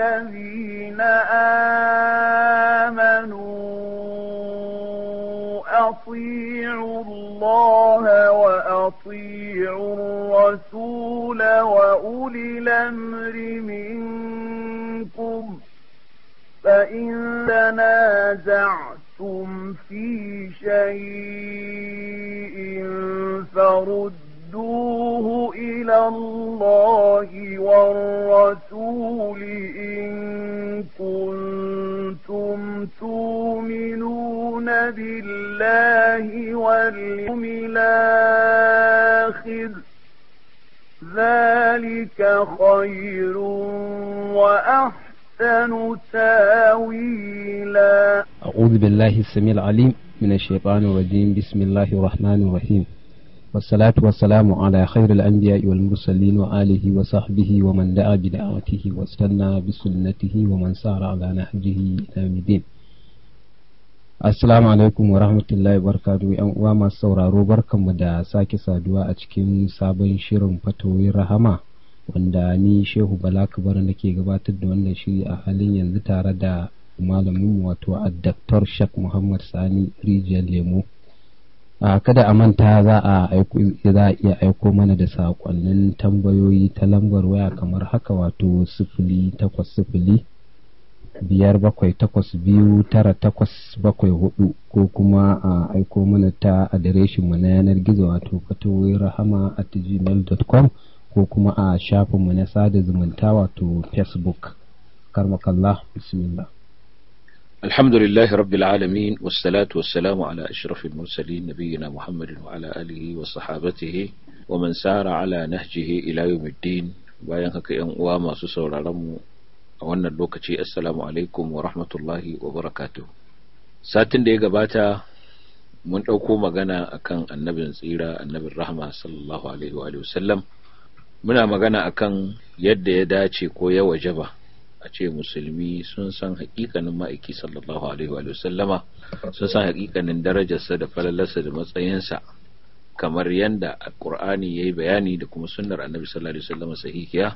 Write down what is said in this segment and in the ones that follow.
الذين آمنوا أطيعوا الله وأطيعوا الرسول وأولي الأمر منكم فإن تنازعتم في شيء فرد إلى الله والرسول تؤمنون بالله واليوم الآخر ذلك خير وأحسن تاويلا أعوذ بالله السميع العليم من الشيطان الرجيم بسم الله الرحمن الرحيم والصلاة والسلام على خير الأنبياء والمرسلين وآله وصحبه ومن دعا بدعوته واستنى بسنته ومن سار على نهجه إلى الدين Assalamu alaikum wa rahmatullahi barkatu ‘yan uwa masu sauraro barkanmu da sake saduwa a cikin sabon shirin fatoyin rahama wanda ni Shehu Bala da nake gabatar da wannan shiri a halin yanzu tare da malamin wato a daktar Shak Muhammad Sani Rijiyar Lemo. Kada a manta za a iya aiko mana da saƙonnin tambayoyi ta lambar waya kamar haka wato sifili takwas sifili. biyar bakwai takwas biyu tara takwas bakwai hudu ko kuma a aiko mana ta adireshin adireshinmu na yanar gizo wato fatowai rahama at gmail.com ko kuma a shafinmu na sada zumunta wato facebook karmakalla bismillah alhamdulillahi rabbil alamin wassalatu wassalamu ala ashrafil mursalin nabiyina muhammadin wa ala alihi wa sahabatihi wa man sara ala nahjihi bayan haka yan uwa masu sauraron mu a wannan lokaci assalamu alaikum wa rahmatullahi wa barakatuh satin da ya gabata mun ɗauko magana akan annabin tsira annabin rahma sallallahu alaihi wa sallam muna magana akan yadda ya dace ko ya wajaba a ce musulmi sun san haƙiƙanin ma'aiki sallallahu alaihi wa sallama sun san haƙiƙanin darajarsa da falalarsa da matsayinsa kamar yadda alƙur'ani ya yi bayani da kuma sunnar annabi sallallahu alaihi wa sallama sahihiya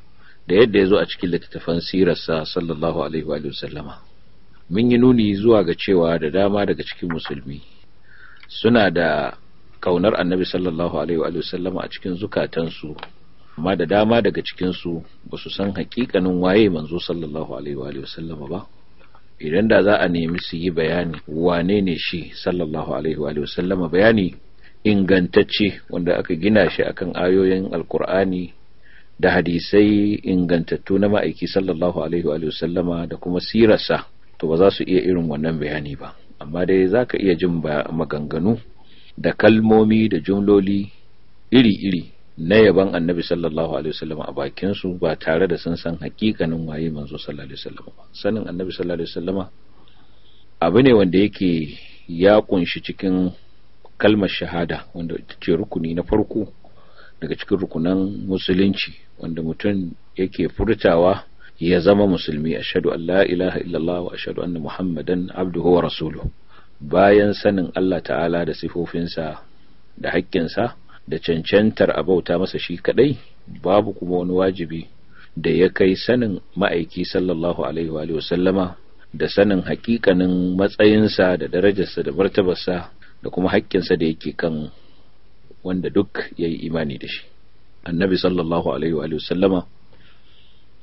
da yadda ya zo a cikin littattafan sirarsa sallallahu alaihi wa sallama mun yi nuni zuwa ga cewa da dama daga cikin musulmi suna da kaunar annabi sallallahu alaihi wa sallama a cikin zukatansu amma da dama daga cikinsu ba su san hakikanin waye manzo sallallahu alaihi wa sallama ba idan da za a nemi su yi bayani wane ne shi sallallahu alaihi wa sallama bayani ingantacce wanda aka gina shi akan ayoyin alkur'ani da hadisai ingantattu na ma'aiki sallallahu alaihi wa sallama da kuma sirarsa to ba za su iya irin wannan bayani ba amma dai za ka iya jin maganganu da kalmomi da jumloli iri-iri na yaban annabi sallallahu alaihi wasallam a bakinsu ba tare da sun san hakikanin waye manzo sallallahu alaihi wasallam ba sanin annabi sallallahu alaihi wasallam abu ne wanda yake ya kunshi cikin kalmar shahada wanda ce rukuni na farko daga cikin rukunan musulunci wanda mutum yake furtawa ya zama musulmi a an la ilaha illallah wa anna muhammadan abduhu wa rasulu bayan sanin Allah ta'ala da sifofinsa da haƙƙinsa da cancantar a bauta masa shi kaɗai, babu kuma wani wajibi da ya kai sanin ma'aiki sallallahu alaihi wa sallama da sanin hakikanin matsayinsa da darajarsa da martabarsa da kuma haƙƙinsa da yake kan wanda duk ya yi imani da shi annabi sallallahu alaihi wa sallama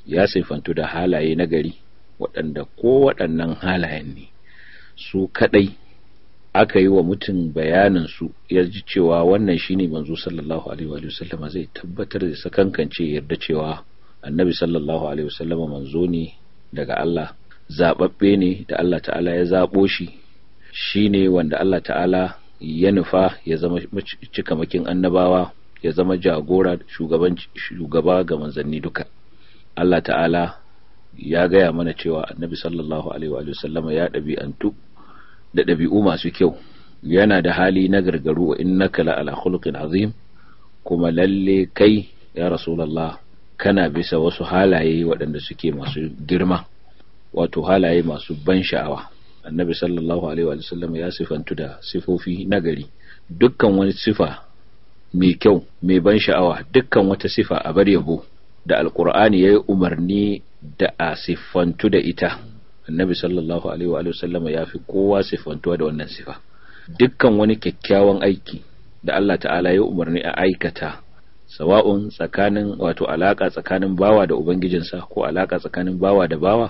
ya saifantu da halaye na gari waɗanda ko waɗannan halayen ne su kaɗai aka yi wa mutum bayaninsu ya ji cewa wannan shine manzo sallallahu alaihi wa sallama zai tabbatar da sakankance yarda cewa annabi sallallahu alaihi wa sallama manzo ne daga Allah Zaɓaɓɓe ne da Allah ta'ala ya zaɓo shi shine wanda Allah ta'ala ya nufa ya zama cikamakin annabawa ya zama jagora shugaba ga manzanni duka Allah ta'ala ya gaya mana cewa annabi sallallahu alaihi wa ya ɗabi'antu da ɗabi'u masu kyau yana da hali na gargaru wa innaka la ala khuluqin azim kuma lalle kai ya rasulullah kana bisa wasu halaye waɗanda suke masu girma wato halaye masu ban sha'awa annabi sallallahu alaihi wa sallam ya sifantu da sifofi na gari. dukkan wani sifa mai kyau mai ban sha'awa dukkan wata sifa a bar yabo da alkur'ani ya yi umarni da a sifantu da ita annabi sallallahu alaihi wa sallam ya fi kowa sifantuwa da wannan sifa dukkan wani kyakkyawan aiki da Allah ta'ala ya umarni a aikata sawa'un tsakanin wato alaka tsakanin bawa da ubangijinsa ko alaka tsakanin bawa da bawa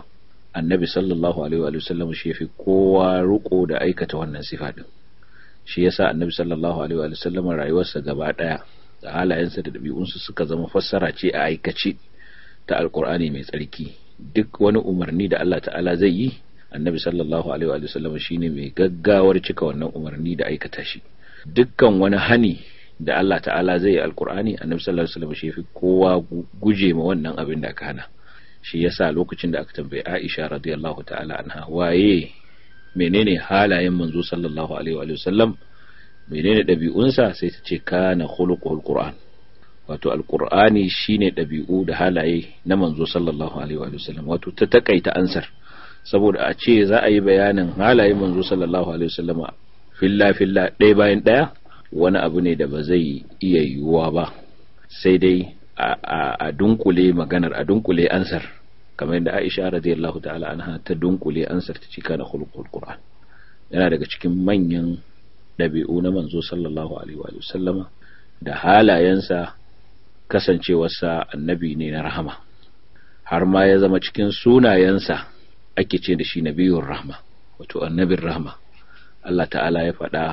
annabi sallallahu alaihi wa sallam shi yafi kowa ruko da aikata wannan sifa din shi yasa annabi sallallahu alaihi wa sallam rayuwarsa gaba daya da halayensa da dabi'unsa suka zama fassara ce a aikace ta alqur'ani mai tsarki duk wani umarni da Allah ta'ala zai yi annabi sallallahu alaihi wa sallam shine mai gaggawar cika wannan umarni da aikata shi dukkan wani hani da Allah ta'ala zai yi alqur'ani annabi sallallahu alaihi wa sallam shi yafi kowa guje ma wannan abin da aka hana shi yasa lokacin da aka tambayi Aisha radiyallahu ta'ala anha waye menene halayen manzo sallallahu alaihi wa sallam menene ɗabi'unsa sai ta ce kana khuluqul qur'an wato alqur'ani shine ɗabi'u da halaye na manzo sallallahu alaihi wa sallam wato ta takaita ansar saboda a ce za a yi bayanin halayen manzo sallallahu alaihi wa sallama filla filla ɗaya bayan ɗaya wani abu ne da ba zai iya yiwuwa ba sai dai a dunkule maganar a dunkule ansar kamar yadda Aisha radiyallahu ta'ala anha ta dunkule ansar ta cika da khulqul Qur'an yana daga cikin manyan dabi'u na manzo sallallahu alaihi wa sallama da halayensa kasancewarsa annabi ne na rahama har ma ya zama cikin sunayensa ake ce da shi nabiyur rahma wato annabin rahma Allah ta'ala ya faɗa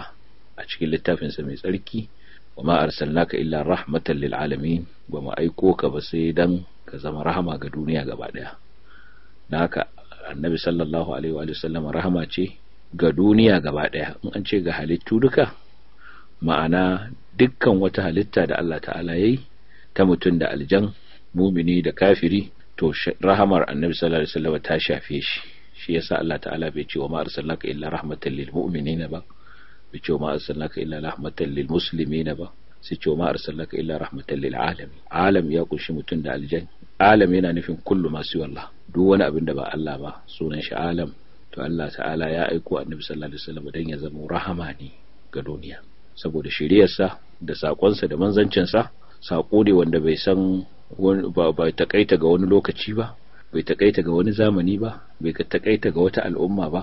a cikin littafinsa mai tsarki wa ma arsalnaka illa rahmatan lil alamin ba mu aiko ka ba sai dan ka zama rahama ga duniya gaba daya dan annabi sallallahu alaihi wa sallam rahama ce ga duniya gaba daya in an ce ga halittu duka ma'ana dukkan wata halitta da Allah ta'ala yayi ta mutum da aljan mumini da kafiri to rahamar annabi sallallahu alaihi wasallam ta shafe shi shi yasa Allah ta'ala bai ce wa ma arsalnaka illa rahmatan lil mu'minina ba bai ce ma arsalnaka illa rahmatan lil muslimina ba sai ce ma arsalnaka illa rahmatan lil alamin alam ya kunshi mutum da aljan alam yana nufin kullu ma siwa Allah duk wani abin da ba Allah ba sunan shi alam to Allah ta'ala ya aiko annabi sallallahu alaihi wasallam dan ya zama rahama ne ga duniya saboda shiriyarsa da sakonsa da manzancinsa sako ne wanda bai san ba takaita ga wani lokaci ba bai takaita ga wani zamani ba bai takaita ga wata al'umma ba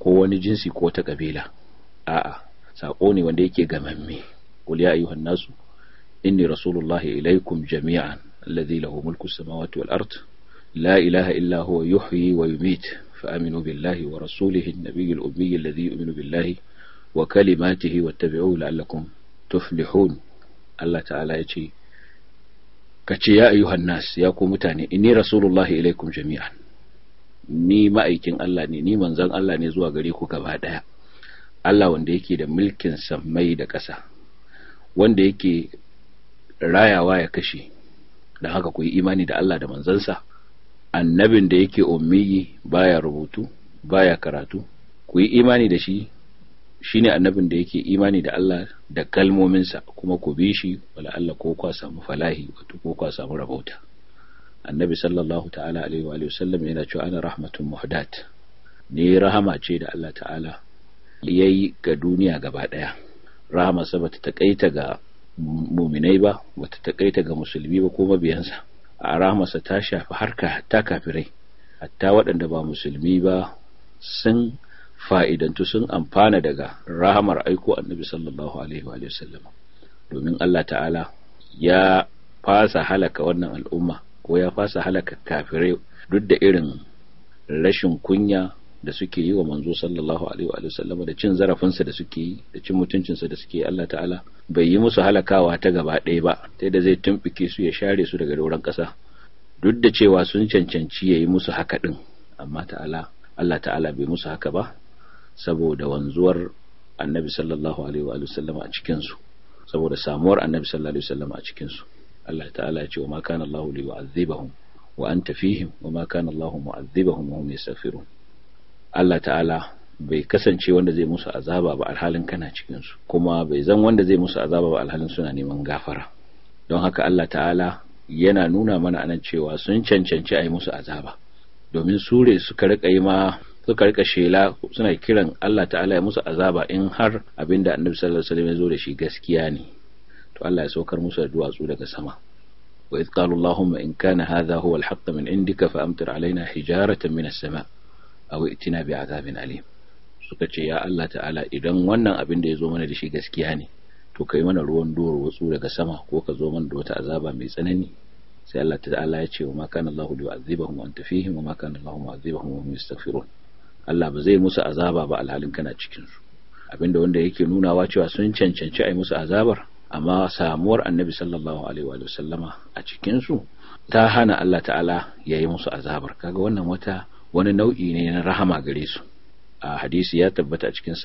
ko wani jinsi ko ta kabila a'a sako ne wanda yake gamamme qul ya ayyuhan nasu inni rasulullahi ilaikum jami'an alladhi lahu mulku samawati wal ard la ilaha illa huwa yuhyi wa yumiit فآمنوا بالله ورسوله النبي الأمي الذي يؤمن بالله وكلماته واتبعوه لعلكم تفلحون الله تعالى يجي كتي يا أيها الناس يا متاني إني رسول الله إليكم جميعا ni ma'aikin Allah ne ni manzon Allah ne zuwa gare ku gaba daya Allah wanda yake da mulkin sammai da ƙasa wanda yake rayawa ya kashe da haka ku imani da Allah da manzansa annabin da yake ummiyi baya rubutu baya karatu ku yi imani da shi shine annabin da yake imani da Allah da kalmominsa kuma ku bi shi wala Allah ko kwa samu falahi wato ko kwa samu rabauta annabi sallallahu ta'ala alaihi wa sallam yana cewa ana rahmatun muhdat ni rahama ce da Allah ta'ala Yayi ga duniya gaba ɗaya rahamarsa ba ta taƙaita ga muminai ba ba ta taƙaita ga musulmi ba ko mabiyansa a rahamarsa ta shafi harka ta kafirai hatta waɗanda ba musulmi ba sun fa'idantu sun amfana daga rahamar aiko annabi sallallahu alaihi wa sallam domin Allah ta'ala ya fasa halaka wannan al'umma ko ya fasa halaka kafirai duk da irin rashin kunya da suke yi wa manzo sallallahu alaihi wa sallama da cin zarafinsa da suke yi da cin mutuncinsa da suke yi Allah ta'ala bai yi musu halakawa ta gaba ɗaya ba sai da zai tumfike su ya share su daga doron ƙasa duk da cewa sun cancanci ya yi musu haka ɗin amma ta'ala Allah ta'ala bai musu haka ba saboda wanzuwar annabi sallallahu alaihi wa sallama a cikinsu saboda samuwar annabi sallallahu alaihi wa sallama a cikinsu Allah ta'ala ya ce wa ma kana Allahu li yu'adhibahum wa anta fihim wa ma kana Allahu mu'adhibahum wa hum yastaghfirun Allah ta'ala bai kasance wanda zai musu azaba ba alhalin kana cikinsu. kuma bai zan wanda zai musu azaba ba alhalin suna neman gafara don haka Allah ta'ala yana nuna mana anan cewa sun cancanci a yi musu azaba domin sure suka rika yi ma suka rika shela suna kiran Allah ta'ala ya musu azaba in har abinda annabi sallallahu alaihi wasallam ya zo da shi gaskiya ne to Allah ya saukar musu da duwatsu daga sama wa idh qalu allahumma in kana hadha huwa al-haqq min indika fa amtir alaina hijaratan min as-sama' aw itina bi azabin alim suka ce ya Allah ta'ala idan wannan abin da ya zo mana da shi gaskiya ne to kai mana ruwan doro wasu daga sama ko ka zo mana da wata azaba mai tsanani sai Allah ta'ala ya ce wa ma kana Allahu yu'adhibahum wa anta fihim wa ma kana Allahu azibahum wa yastaghfirun Allah ba zai musu azaba ba alhalin kana cikin su abinda wanda yake nunawa cewa sun cancanci a yi musu azabar amma samuwar annabi sallallahu alaihi wa sallama a cikin su ta hana Allah ta'ala ya yi musu azabar kaga wannan wata wani nau'i ne na rahama gare su a hadisi ya tabbata a cikin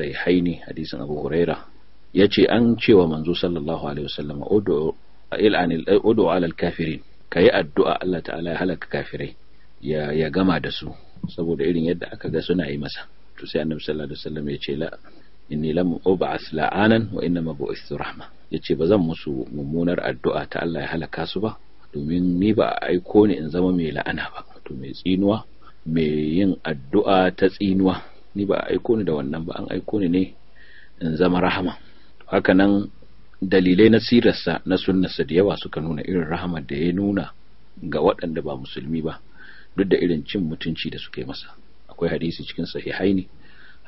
ne hadisin Abu Huraira yace an cewa manzo sallallahu alaihi wasallam ud'u alal kafirin kayi addu'a Allah ta'ala ya halaka kafirai ya ya gama da su saboda irin yadda aka ga suna yi masa to sai annabi sallallahu alaihi wasallam ya ce la inni lam ub'ath la'anan wa inna ma rahma yace ba zan musu mummunar addu'a ta Allah ya halaka su ba domin ni ba aiko ni in zama mai la'ana ba to mai tsinuwa mai yin addu'a ta tsinuwa ni ba a aiko ni da wannan ba an aiko ni ne in zama rahama nan dalilai na sirarsa na sunnarsa da yawa suka nuna irin rahama da ya nuna ga waɗanda ba musulmi ba duk da irin cin mutunci da suka yi masa akwai hadisi cikin sahihaini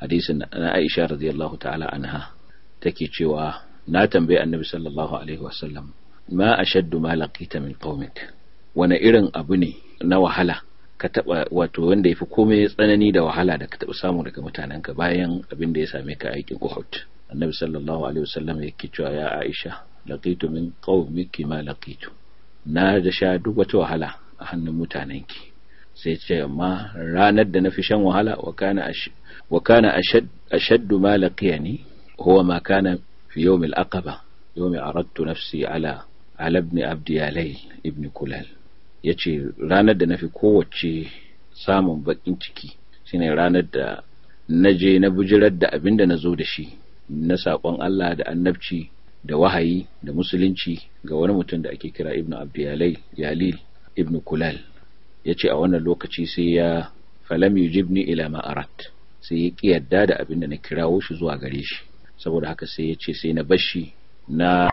hadisin na Aisha radiyallahu ta'ala anha take cewa na tambayi annabi sallallahu alaihi wasallam ma ashaddu ma laqita min qaumik wani irin abu ne na wahala ka taba wato wanda yafi komai tsanani da wahala da ka taba samu daga mutanenka bayan abin da ya same ka aikin Uhud annabi sallallahu alaihi wasallam yake cewa ya Aisha laqitu min qaumiki ma laqitu na da sha duk wata wahala a hannun mutanenki sai ce amma ranar da na fi shan wahala wa kana wa kana ashad ashad ma laqiyani huwa ma kana fi yawm al-aqaba yawm aradtu nafsi ala ala ibn abdiyalay ibn kulal ya ce ranar da na fi kowace samun baƙin ciki shine ranar da na je na bujirar da abin da na zo da shi na saƙon Allah da annabci da wahayi da musulunci ga wani mutum da ake kira ibnu abdiyalai yalil ibnu kulal ya ce a wannan lokaci sai ya falam yujibni ila ma'arat sai ya ƙi yadda da abin da na kirawo shi zuwa gare shi saboda haka sai ya ce sai na bashi na